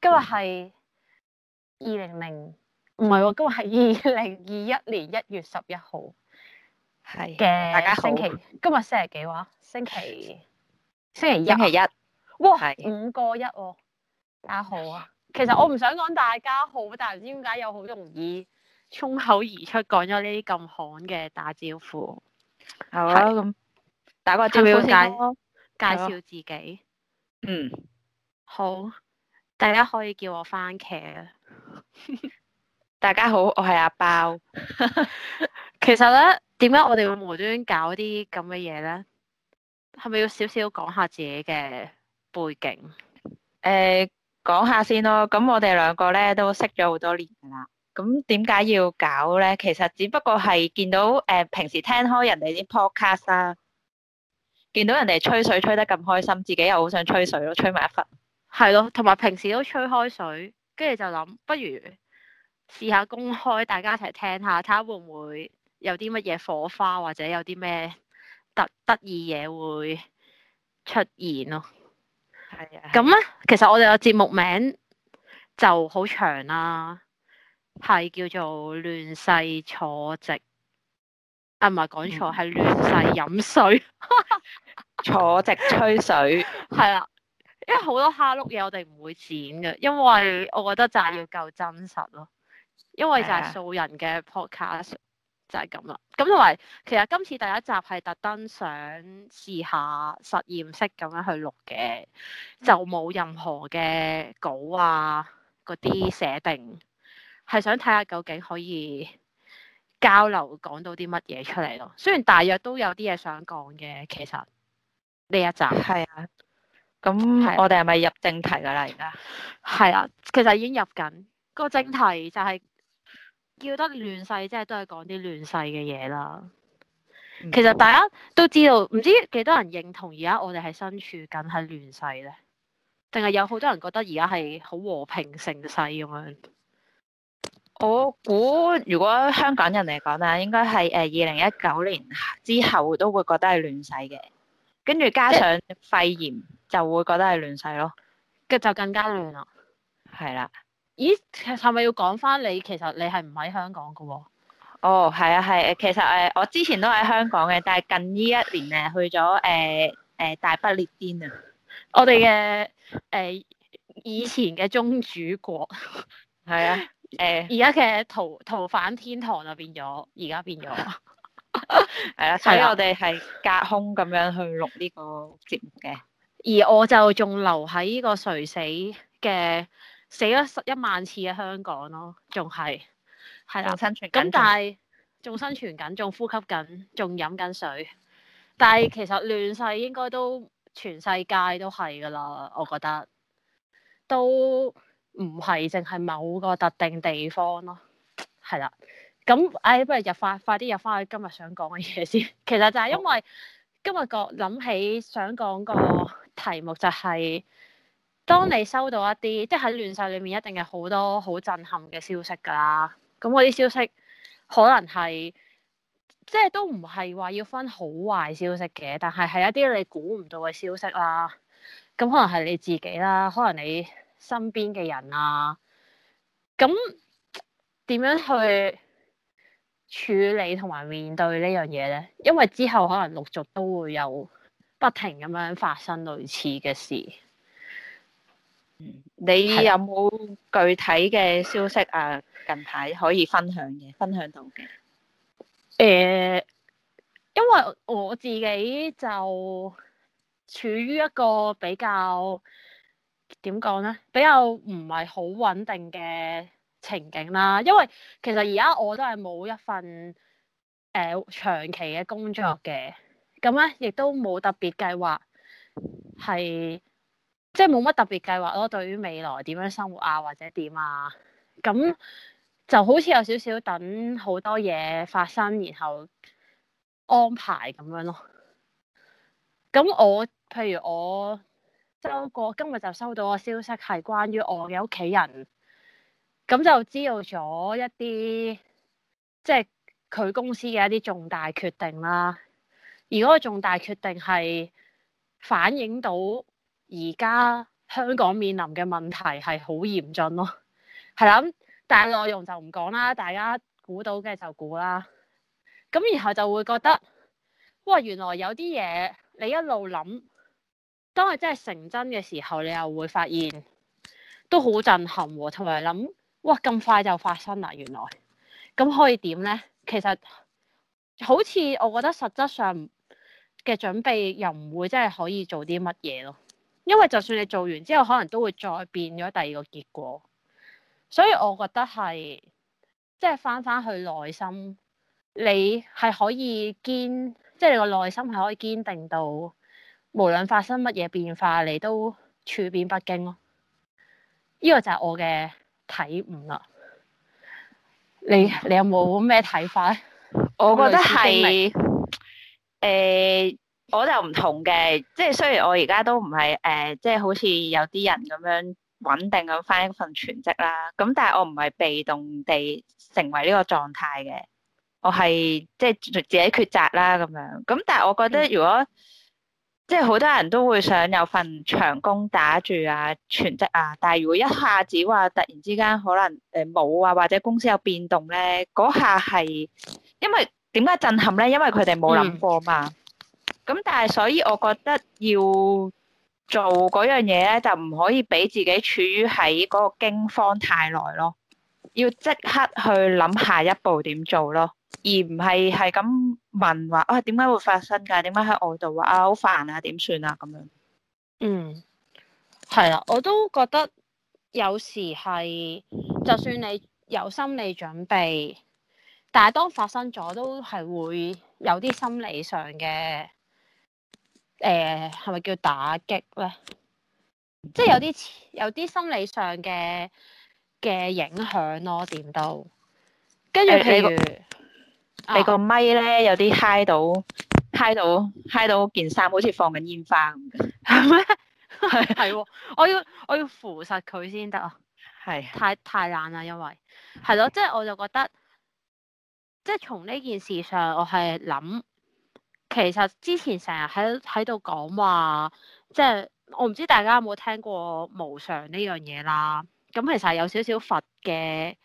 今, 200,、啊、今日係二零零，唔係喎，今日係二零二一年一月十一號，係嘅。大家星期今日星期幾話？星期星期一，星期一，哇，五個一哦。大家好啊，其實我唔想講大家好，但係唔知點解又好容易衝口而出講咗呢啲咁寒嘅打招呼。好啊，咁是打個招呼好，嗯、先介介紹自己。嗯，好。大家可以叫我番茄啊！ 大家好，我係阿包。 其實咧，點解我哋會無端端搞啲咁嘅嘢咧？係咪要少少講下自己嘅背景？誒、呃，講下先咯。咁我哋兩個咧都識咗好多年㗎啦。咁點解要搞咧？其實只不過係見到誒、呃，平時聽開人哋啲 podcast 啦，見到人哋吹水吹得咁開心，自己又好想吹水咯，吹埋一忽。係咯，同埋平時都吹開水，跟住就諗，不如試下公開，大家一齊聽下，睇下會唔會有啲乜嘢火花，或者有啲咩特得意嘢會出現咯。係的啊，咁咧，其實我哋個節目名就好長啦，啊，係叫做亂世坐席」。啊唔係講錯，係亂世飲水， 坐席吹水，係啊。 因為好多蝦碌嘢我哋唔會剪嘅，因為我覺得就係要夠真實咯。因為就係素人嘅 podcast 就係咁啦。咁同埋，其實今次第一集係特登想試下實驗式咁樣去錄嘅，就冇任何嘅稿啊，嗰啲寫定係想睇下究竟可以交流講到啲乜嘢出嚟咯。雖然大約都有啲嘢想講嘅，其實呢一集係 啊。咁，我哋係咪入正題噶啦？而家係啊，其實已經入緊個正題，就係，就係叫得亂世，就係，即係都係講啲亂世嘅嘢啦。嗯、其實大家都知道，唔知幾多人認同而家我哋係身處緊係亂世咧，定係有好多人覺得而家係好和平盛世咁樣？ 我估如果香港人嚟講咧，應該係誒二零一九年之後都會覺得係亂世嘅，跟住加上肺炎。就會覺得係亂世咯，跟住就更加亂啦、啊。係啦，咦，其實係咪要講翻你？其實你係唔喺香港噶？哦，係啊、哦，係，其實誒、呃，我之前都喺香港嘅，但係近呢一年誒去咗誒誒大不列顛啊，我哋嘅誒以前嘅宗主國係啊，誒而家嘅逃逃犯天堂就變咗，而家變咗，係 啊，所以我哋係隔空咁樣去錄呢個節目嘅。而我就仲留喺呢個垂死嘅死咗十一萬次嘅香港咯，仲係係啦，仲生存緊，咁但係仲生存緊，仲呼吸緊，仲飲緊水。但係其實亂世應該都全世界都係㗎啦，我覺得都唔係淨係某個特定地方咯，係啦。咁誒、哎，不如入翻快啲入翻去今日想講嘅嘢先。其實就係因為、哦、今日個諗起想講個。題目就係，當你收到一啲，即係喺亂世裏面一定係好多好震撼嘅消息㗎啦。咁嗰啲消息可能係，即係都唔係話要分好壞消息嘅，但係係一啲你估唔到嘅消息啦。咁可能係你自己啦，可能你身邊嘅人啊，咁點樣去處理同埋面對呢樣嘢咧？因為之後可能陸續都會有。不停咁樣發生類似嘅事，嗯、你有冇具體嘅消息啊？近排可以分享嘅，分享到嘅。誒、欸，因為我自己就處於一個比較點講咧，比較唔係好穩定嘅情景啦。因為其實而家我都係冇一份誒、呃、長期嘅工作嘅。嗯咁咧，亦都冇特別計劃，係即係冇乜特別計劃咯。對於未來點樣生活啊，或者點啊，咁就好似有少少等好多嘢發生，然後安排咁樣咯。咁我，譬如我，周哥今日就收到個消息，係關於我嘅屋企人，咁就知道咗一啲，即係佢公司嘅一啲重大決定啦。如果個重大決定係反映到而家香港面臨嘅問題係好嚴峻咯，係 啦。但係內容就唔講啦，大家估到嘅就估啦。咁然後就會覺得，哇！原來有啲嘢你一路諗，當佢真係成真嘅時候，你又會發現都好震撼喎、啊，同埋諗，哇！咁快就發生啦，原來咁可以點咧？其實好似我覺得實質上。嘅準備又唔會真係可以做啲乜嘢咯，因為就算你做完之後，可能都會再變咗第二個結果，所以我覺得係即係翻翻去內心，你係可以堅，即係你個內心係可以堅定到，無論發生乜嘢變化，你都處變不驚咯。呢個就係我嘅體悟啦。你你有冇咩睇法咧？我覺得係。誒，uh, 我就唔同嘅，即係雖然我而家都唔係誒，uh, 即係好似有啲人咁樣穩定咁返一份全職啦，咁但係我唔係被動地成為呢個狀態嘅，我係即係自己抉擇啦咁樣。咁但係我覺得如果即係好多人都會想有份長工打住啊，全職啊，但係如果一下子話突然之間可能誒冇啊，或者公司有變動咧，嗰下係因為。點解震撼咧？因為佢哋冇諗過嘛。咁、嗯、但係所以我覺得要做嗰樣嘢咧，就唔可以俾自己處於喺嗰個驚慌太耐咯。要即刻去諗下一步點做咯，而唔係係咁問話啊，點解會發生噶？點解喺外度話啊？啊，好煩啊，點算啊？咁樣。嗯，係啊，我都覺得有時係，就算你有心理準備。但係當發生咗，都係會有啲心理上嘅，誒、呃，係咪叫打擊咧？即係有啲有啲心理上嘅嘅影響咯，點都。跟住譬如你個、啊、咪咧有啲嗨到嗨到嗨到件衫好似放緊煙花咁嘅，係咩？係喎，我要我要扶實佢先得啊！係太太難啦，因為係咯，即係我就覺得。即係從呢件事上，我係諗，其實之前成日喺喺度講話，即係我唔知大家有冇聽過無常呢樣嘢啦。咁其實有少少佛嘅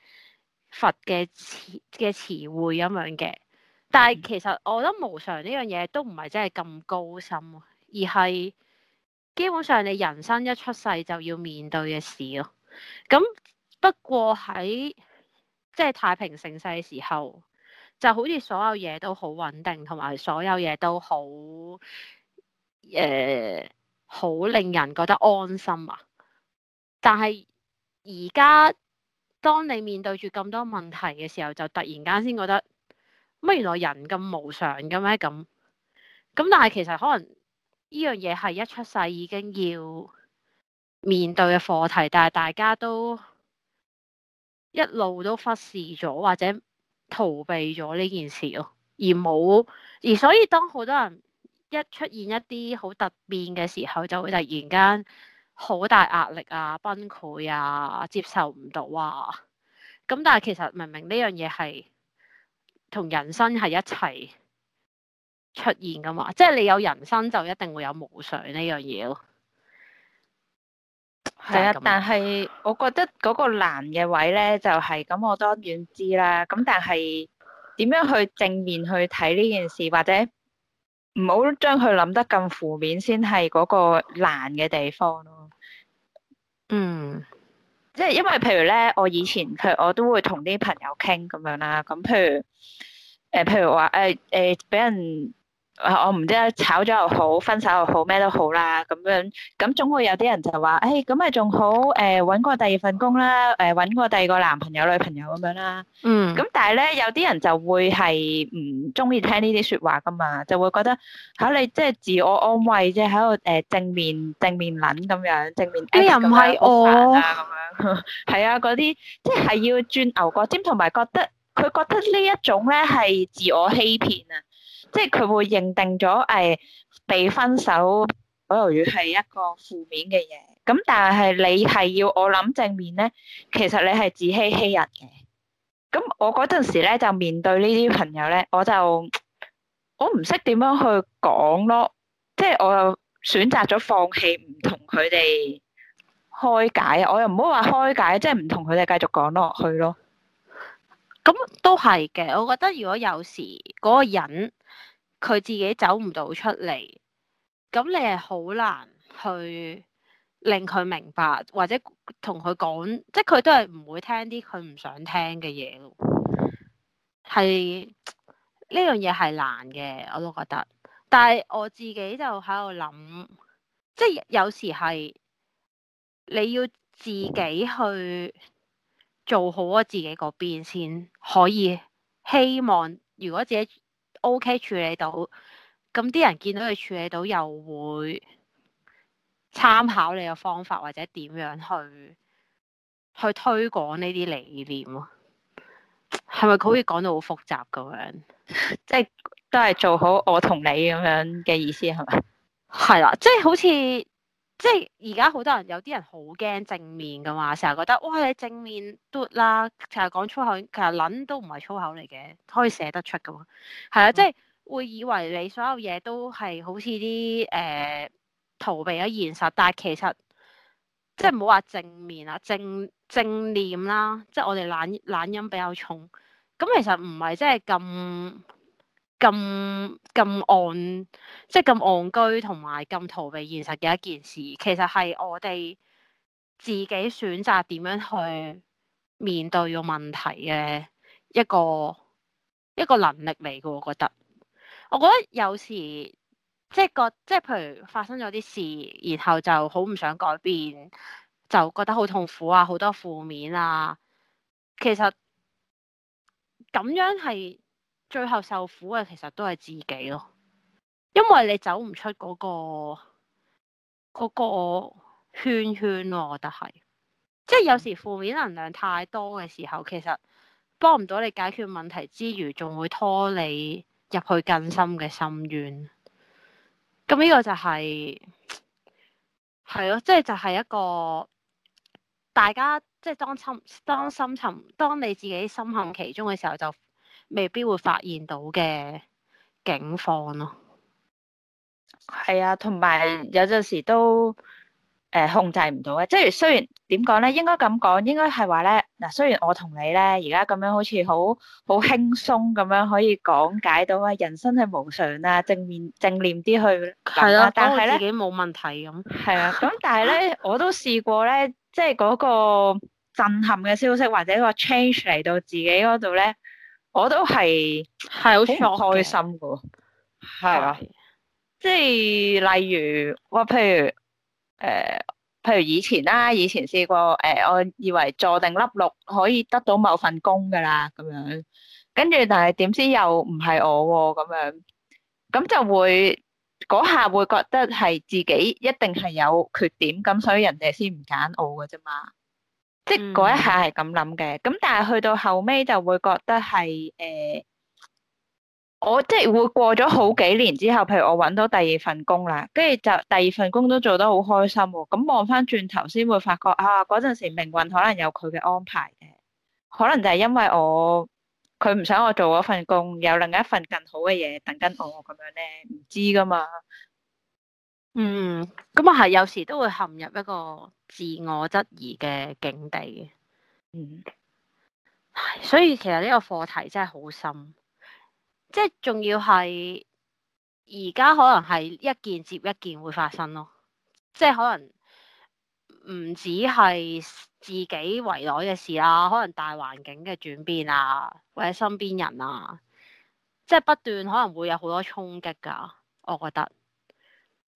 佛嘅詞嘅詞彙咁樣嘅，但係其實我覺得「無常」呢樣嘢都唔係真係咁高深，而係基本上你人生一出世就要面對嘅事咯。咁不過喺即係太平盛世嘅時候。就好似所有嘢都好穩定，同埋所有嘢都好，誒、呃，好令人覺得安心啊！但係而家當你面對住咁多問題嘅時候，就突然間先覺得，乜、嗯、原來人咁無常嘅咩咁？咁、嗯、但係其實可能呢樣嘢係一出世已經要面對嘅課題，但係大家都一路都忽視咗或者。逃避咗呢件事咯，而冇而所以，當好多人一出現一啲好突變嘅時候，就會突然間好大壓力啊，崩潰啊，接受唔到啊。咁但係其實明明呢樣嘢係同人生係一齊出現㗎嘛，即係你有人生就一定會有無常呢樣嘢咯。係啊，但係我覺得嗰個難嘅位咧，就係、是、咁，我當然知啦。咁但係點樣去正面去睇呢件事，或者唔好將佢諗得咁負面，先係嗰個難嘅地方咯。嗯，即係因為譬如咧，我以前譬我都會同啲朋友傾咁樣啦。咁譬如誒，譬如話誒誒，俾、呃呃呃、人。我唔知炒咗又好，分手又好，咩都好啦。咁樣咁總會有啲人就話，誒、欸，咁咪仲好，誒、呃、搵過第二份工啦，誒、呃、搵過第二個男朋友女朋友咁樣啦。嗯。咁但係咧，有啲人就會係唔中意聽呢啲說話噶嘛，就會覺得吓、啊、你即係自我安慰即啫，喺度誒正面正面諗咁樣，正面啲人唔係我外。咁樣係 啊，嗰啲即係要轉牛角尖，同埋覺得佢覺得呢一種咧係自我欺騙啊。即係佢會認定咗誒、哎、被分手，左流語係一個負面嘅嘢。咁但係你係要我諗正面咧，其實你係自欺欺人嘅。咁我嗰陣時咧就面對呢啲朋友咧，我就我唔識點樣去講咯。即係我又選擇咗放棄，唔同佢哋開解。我又唔好話開解，即係唔同佢哋繼續講落去咯。咁都係嘅，我覺得如果有時嗰個人佢自己走唔到出嚟，咁你係好難去令佢明白或者同佢講，即係佢都係唔會聽啲佢唔想聽嘅嘢咯。係呢樣嘢係難嘅，我都覺得。但係我自己就喺度諗，即係有時係你要自己去。做好我自己嗰邊先可以，希望如果自己 OK 處理到，咁啲人見到佢處理到又會參考你嘅方法或者點樣去去推廣呢啲理念咯，係咪佢可以講到好複雜咁樣？ 即係都係做好我同你咁樣嘅意思係咪？係啦，即係好似。即係而家好多人，有啲人好驚正面㗎嘛，成日覺得哇你正面嘟啦，成日講粗口，其實撚都唔係粗口嚟嘅，可以寫得出㗎嘛，係啊，即係會以為你所有嘢都係好似啲誒逃避咗現實，但係其實即係唔好話正面啊，正正念啦，即係我哋懶懶音比較重，咁其實唔係即係咁。咁咁戇，即係咁戇居，同埋咁逃避現實嘅一件事，其實係我哋自己選擇點樣去面對個問題嘅一個一個能力嚟嘅。我覺得，我覺得有時即係覺，即係譬如發生咗啲事，然後就好唔想改變，就覺得好痛苦啊，好多負面啊，其實咁樣係。最後受苦嘅其實都係自己咯，因為你走唔出嗰、嗰個、嗰個圈圈咯，我覺得係，即係有時負面能量太多嘅時候，其實幫唔到你解決問題之餘，仲會拖你入去更深嘅深淵。咁呢個就係係咯，即係就係、係、一個大家即係、就係、當深當深沉，當你自己深陷其中嘅時候就。未必會發現到嘅境況咯，係啊，同埋、啊、有陣時都誒、嗯呃、控制唔到嘅，即係雖然點講咧，應該咁講，應該係話咧嗱，雖然我同你咧而家咁樣好似好好輕鬆咁樣可以講解到啊，人生係無常啦、啊，正面正念啲去係啊，當、啊、自己冇問題咁，係啊，咁但係咧、啊、我都試過咧，即係嗰個震撼嘅消息或者個 change 嚟到自己嗰度咧。我都係係好開心嘅，係啊， 即係例如我，譬如誒、呃，譬如以前啦、啊，以前試過誒、呃，我以為坐定粒六可以得到某份工嘅啦，咁樣跟住，但係點知又唔係我喎、啊，咁樣咁就會嗰下會覺得係自己一定係有缺點，咁所以人哋先唔揀我嘅啫嘛。即係嗰一下係咁諗嘅，咁、嗯、但係去到後尾就會覺得係誒、呃，我即係會過咗好幾年之後，譬如我搵到第二份工啦，跟住就第二份工都做得好開心喎、哦。咁望翻轉頭先會發覺啊，嗰陣時命運可能有佢嘅安排嘅，可能就係因為我佢唔想我做嗰份工，有另一份更好嘅嘢等緊我咁樣咧，唔知噶嘛。嗯，咁啊，係，有時都會陷入一個自我質疑嘅境地嘅。嗯，所以其實呢個課題真係好深，即係仲要係而家可能係一件接一件會發生咯，即係可能唔止係自己圍內嘅事啦，可能大環境嘅轉變啊，或者身邊人啊，即係不斷可能會有好多衝擊噶，我覺得。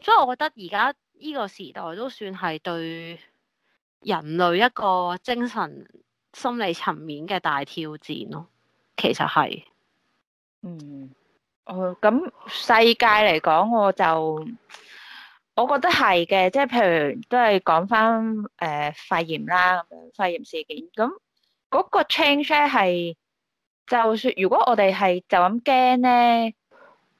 所以我覺得而家呢個時代都算係對人類一個精神心理層面嘅大挑戰咯，其實係，嗯，誒、呃，咁世界嚟講，我就我覺得係嘅，即係譬如都係講翻誒肺炎啦，咁樣肺炎事件，咁嗰個 change 咧係，就算如果我哋係就咁驚咧。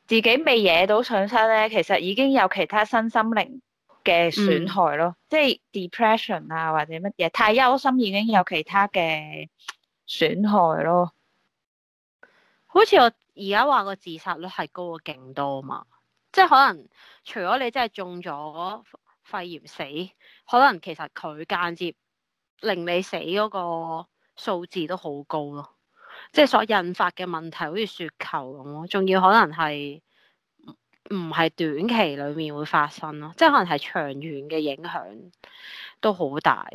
自己未惹到上身咧，其實已經有其他身心靈嘅損害咯，嗯、即係 depression 啊或者乜嘢，太憂心已經有其他嘅損害咯。好似我而家話個自殺率係高咗勁多嘛，即係可能除咗你真係中咗肺炎死，可能其實佢間接令你死嗰個數字都好高咯。即係所引發嘅問題，好似雪球咁咯，仲要可能係唔唔係短期裏面會發生咯，即係可能係長遠嘅影響都好大，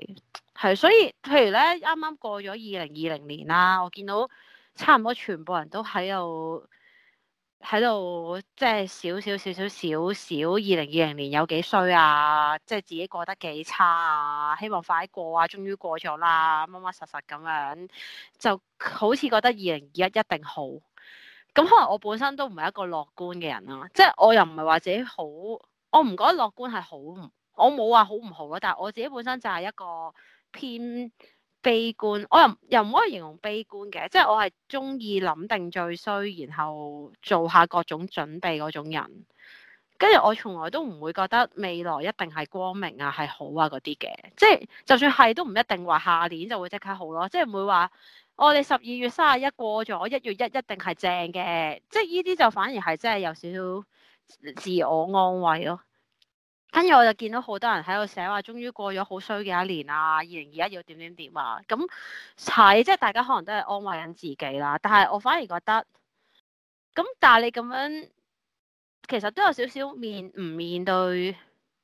係，所以，譬如咧啱啱過咗二零二零年啦、啊，我見到差唔多全部人都喺度。喺度即係少少少少少少，二零二零年有幾衰啊！即係自己過得幾差啊！希望快啲過啊！終於過咗啦，乜乜實實咁樣，就好似覺得二零二一一定好。咁可能我本身都唔係一個樂觀嘅人啊，即係我又唔係話自己好，我唔覺得樂觀係好，我冇話好唔好咯。但係我自己本身就係一個偏。悲觀，我又又唔可以形容悲觀嘅，即係我係中意諗定最衰，然後做下各種準備嗰種人。跟住我從來都唔會覺得未來一定係光明啊，係好啊嗰啲嘅，即係就算係都唔一定話下年就會即刻好咯，即係唔會話我哋十二月卅一過咗，一月一一定係正嘅，即係呢啲就反而係真係有少少自我安慰咯。跟住我就見到好多人喺度寫話，終於過咗好衰嘅一年啊。二零二一要點點點啊！咁、嗯、睇即係大家可能都係安慰緊自己啦。但係我反而覺得，咁、嗯、但係你咁樣其實都有少少面唔面對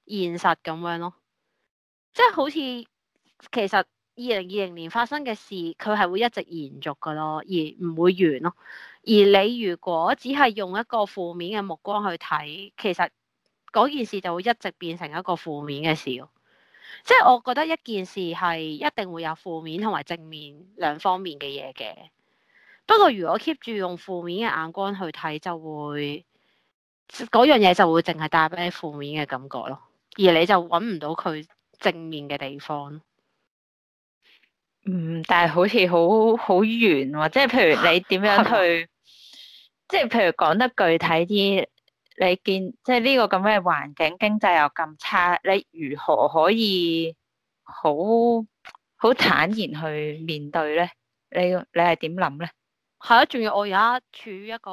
現實咁樣咯。即係好似其實二零二零年發生嘅事，佢係會一直延續噶咯，而唔會完咯。而你如果只係用一個負面嘅目光去睇，其實嗰件事就會一直變成一個負面嘅事，即係我覺得一件事係一定會有負面同埋正面兩方面嘅嘢嘅。不過如果 keep 住用負面嘅眼光去睇，就會嗰樣嘢就會淨係帶俾你負面嘅感覺咯，而你就揾唔到佢正面嘅地方。嗯，但係好似好好遠喎，即係譬如你點樣去，啊、即係譬如講得具體啲。你見，即係呢個咁嘅環境，經濟又咁差，你如何可以好好坦然去面對咧？你你係點諗咧？係啊，仲要我而家處於一個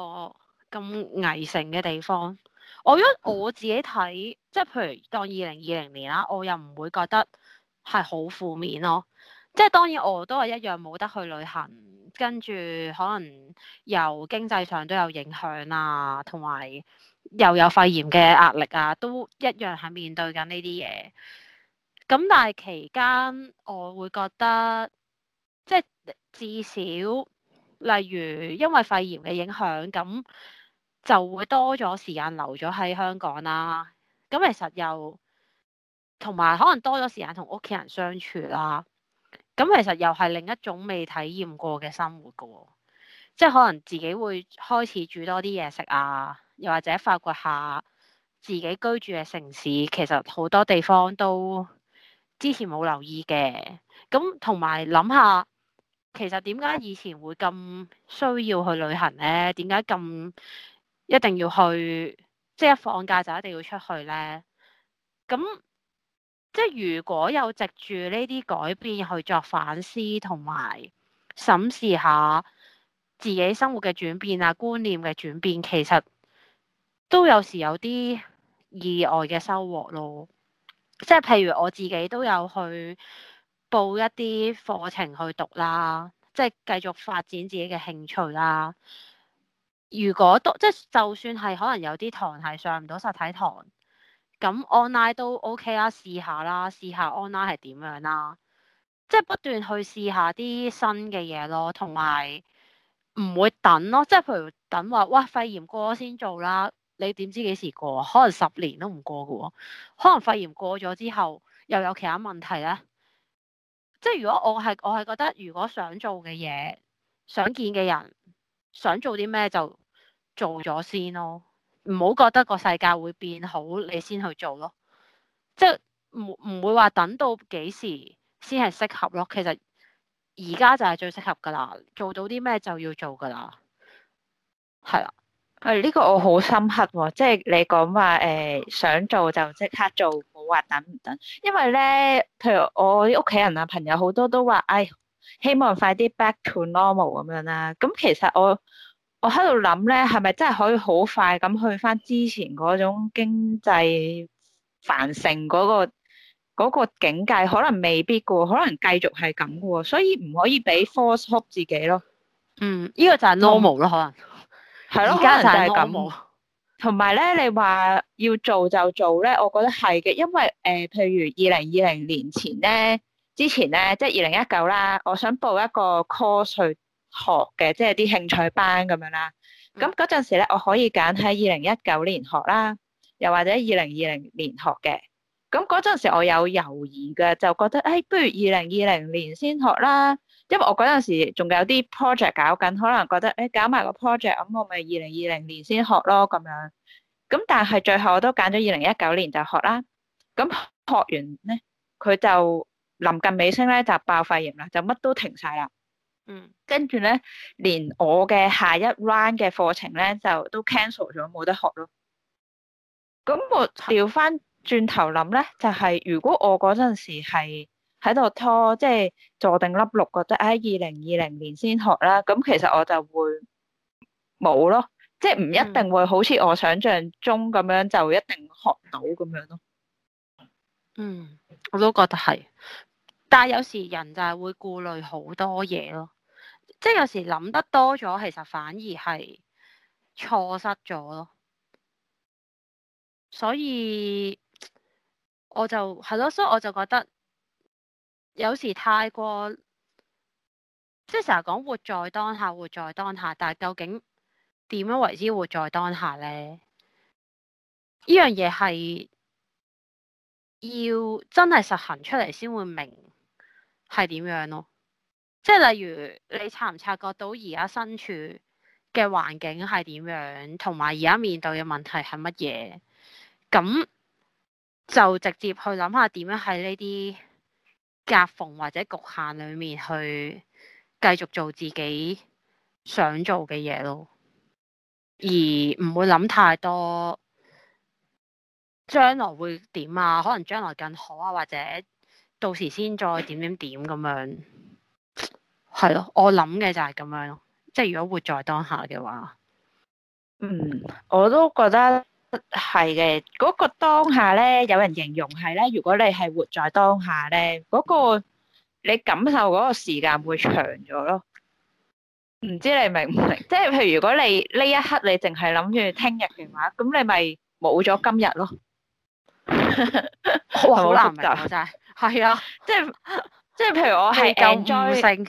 咁危城嘅地方，我如果我自己睇，嗯、即係譬如當二零二零年啦，我又唔會覺得係好負面咯。即係當然我都係一樣冇得去旅行，跟住可能由經濟上都有影響啦，同埋。又有肺炎嘅壓力啊，都一樣係面對緊呢啲嘢。咁但係期間我會覺得，即係至少，例如因為肺炎嘅影響，咁就會多咗時間留咗喺香港啦，啊。咁其實又同埋可能多咗時間同屋企人相處啦，啊。咁其實又係另一種未體驗過嘅生活噶，哦，即係可能自己會開始煮多啲嘢食啊。又或者發掘下自己居住嘅城市，其實好多地方都之前冇留意嘅。咁同埋諗下，其實點解以前會咁需要去旅行呢？點解咁一定要去，即係一放假就一定要出去呢？咁即係如果有藉住呢啲改變去作反思，同埋審視下自己生活嘅轉變啊，觀念嘅轉變，其實。都有時有啲意外嘅收穫咯，即係譬如我自己都有去報一啲課程去讀啦，即係繼續發展自己嘅興趣啦。如果都即係就算係可能有啲堂係上唔到實體堂，咁 online 都 OK 啦，試下啦，試下 online 係點樣啦，即係不斷去試下啲新嘅嘢咯，同埋唔會等咯，即係譬如等話，嘩，肺炎過咗先做啦。你點知幾時過？可能十年都唔過嘅喎、哦，可能肺炎過咗之後又有其他問題咧。即係如果我係我係覺得，如果想做嘅嘢、想見嘅人、想做啲咩就做咗先咯。唔好覺得個世界會變好，你先去做咯。即係唔唔會話等到幾時先係適合咯。其實而家就係最適合噶啦，做到啲咩就要做噶啦，係啦。係呢個我好深刻、哦，即係你講話誒，想做就即刻做，冇話等唔等。因為咧，譬如我啲屋企人啊、朋友好多都話，唉、哎，希望快啲 back to normal 咁樣啦、啊。咁其實我我喺度諗咧，係咪真係可以好快咁去翻之前嗰種經濟繁盛嗰、嗰個、嗰個境界？可能未必嘅，可能繼續係咁嘅，所以唔可以俾 force hope 自己咯。嗯，呢個就係 normal 咯、嗯，可能。係咯，可能就係咁。同埋咧，你話要做就做咧，我覺得係嘅，因為誒、呃，譬如二零二零年前咧，之前咧，即係二零一九啦，我想報一個 course 去學嘅，即係啲興趣班咁樣啦。咁嗰陣時咧，我可以揀喺二零一九年學啦，又或者二零二零年學嘅。咁嗰陣時我有猶豫嘅，就覺得誒、哎，不如二零二零年先學啦。因為我嗰陣時仲有啲 project 搞緊，可能覺得誒、欸、搞埋個 project 咁我咪二零二零年先學咯咁樣，咁但係最後我都揀咗二零一九年就學啦。咁學完咧，佢就臨近尾聲咧就爆肺炎啦，就乜都停晒啦。嗯，跟住咧連我嘅下一 round 嘅課程咧就都 cancel 咗，冇得學咯。咁我調翻轉頭諗咧，就係、是、如果我嗰陣時係。喺度拖，即係坐定粒六，覺得喺二零二零年先學啦。咁其實我就會冇咯，即係唔一定會好似我想象中咁樣、嗯、就一定學到咁樣咯。嗯，我都覺得係，但係有時人就係會顧慮好多嘢咯，即係有時諗得多咗，其實反而係錯失咗咯。所以我就係咯，所以我就覺得。有時太過，即係成日講活在當下，活在當下，但係究竟點樣為之活在當下咧？呢樣嘢係要真係實行出嚟先會明係點樣咯。即係例如你察唔察覺到而家身處嘅環境係點樣，同埋而家面對嘅問題係乜嘢？咁就直接去諗下點樣喺呢啲。夾縫或者局限裏面去繼續做自己想做嘅嘢咯，而唔會諗太多將來會點啊，可能將來更好啊，或者到時先再點點點咁樣。係咯，我諗嘅就係咁樣咯。即係如果活在當下嘅話，嗯，我都覺得。係嘅，嗰個當下咧，有人形容係咧，如果你係活在當下咧，嗰個你感受嗰個時間會長咗咯。唔知你明唔明？即係譬如，如果你呢一刻你淨係諗住聽日嘅話，咁你咪冇咗今日咯。好 難噶真係，係啊，即係即係，譬如我係 enjoy，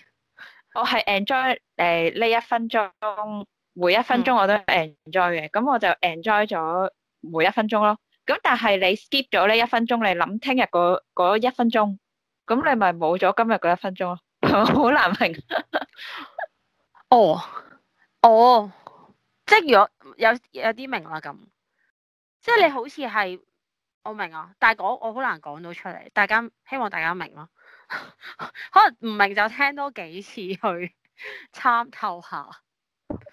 我係 enjoy 誒呢一分鐘。每一分鐘我都 enjoy 嘅，咁、嗯、我就 enjoy 咗每一分鐘咯。咁但係你 skip 咗呢一分鐘你諗聽日嗰一分鐘，咁你咪冇咗今日嗰一分鐘咯，好 難明。 哦，哦，即係如果有有啲明啦咁，即係你好似係我明啊，但係講我好難講到出嚟，大家希望大家明咯， 可能唔明就聽多幾次去參透下。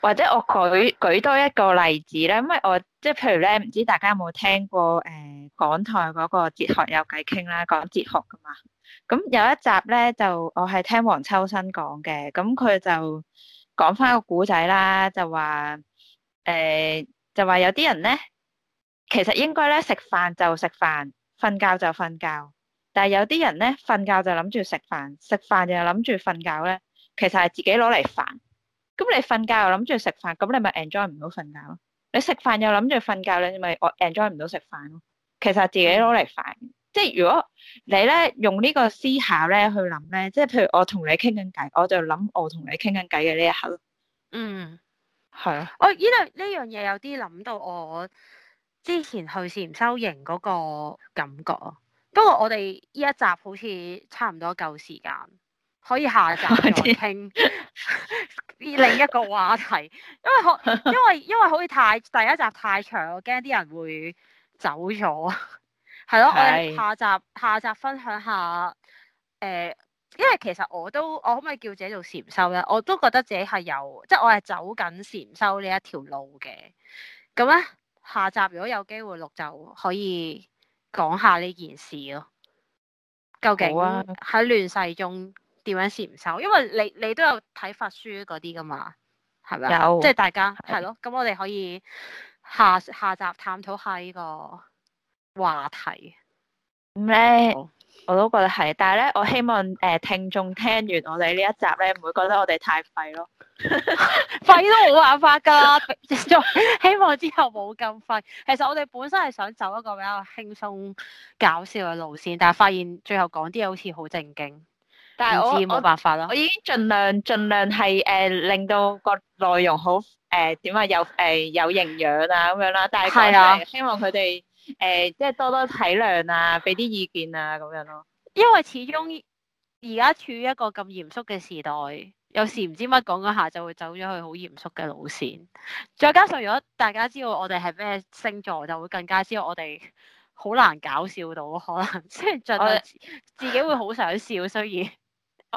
或者我舉舉多一個例子咧，因為我即係、就是、譬如咧，唔知大家有冇聽過誒、呃、港台嗰個哲學有偈傾啦，講哲學噶嘛。咁有一集咧就我係聽黃秋生講嘅，咁佢就講翻個古仔啦，就話誒、呃、就話有啲人咧，其實應該咧食飯就食飯，瞓覺就瞓覺，但係有啲人咧瞓覺就諗住食飯，食飯就諗住瞓覺咧，其實係自己攞嚟煩。咁你瞓覺又諗住食飯，咁你咪 enjoy 唔到瞓覺咯？你食飯又諗住瞓覺你咪我 enjoy 唔到食飯咯？其實自己攞嚟煩，嗯、即係如果你咧用呢個思考咧去諗咧，即係譬如我同你傾緊偈，我就諗我同你傾緊偈嘅呢一刻咯。嗯，係啊。我依樣呢樣嘢有啲諗到我之前去禪修營嗰個感覺啊。不過我哋依一集好似差唔多夠時間，可以下一集去傾。 另一個話題，因為可因為因為好似太第一集太長，我驚啲人會走咗，係 咯的。的我哋下集下集分享下誒、呃，因為其實我都我可唔可以叫自己做禪修咧？我都覺得自己係有，即、就、係、是、我係走緊禪修呢一條路嘅。咁咧下集如果有機會錄就可以講下呢件事咯。究竟喺亂世中、啊？點樣先唔收？因為你你都有睇法書嗰啲噶嘛，係咪有，即係大家係的咯。咁我哋可以下下集探討下呢個話題。咁咧麼，好我都覺得係，但係咧，我希望誒、呃、聽眾聽完我哋呢一集咧，唔會覺得我哋太廢咯。廢 都冇辦法噶， 希望之後冇咁廢。其實我哋本身係想走一個比較輕鬆搞笑嘅路線，但係發現最後講啲嘢好似好正經。但係我冇我辦法啦，我已經盡量盡量係誒、呃、令到個內容好誒點話有誒、呃、有營養啊咁樣啦。但係同時希望佢哋誒即係多多體諒啊，俾啲意見啊咁樣咯。因為始終而家處於一個咁嚴肅嘅時代，有時唔知乜講嗰下就會走咗去好嚴肅嘅路線。再加上如果大家知道我哋係咩星座，就會更加知道我哋好難搞笑到，可能即係、就是、盡自己會好想笑，雖然。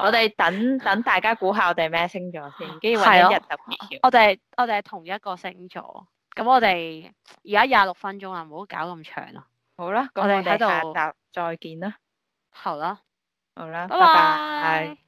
我哋等等大家估下我哋咩星座先，跟住揾一日特別。我哋我哋係同一個星座，咁我哋而家廿六分鐘啦，唔好搞咁長啦。好啦，我哋喺度答，再見啦。好啦，好啦，拜拜。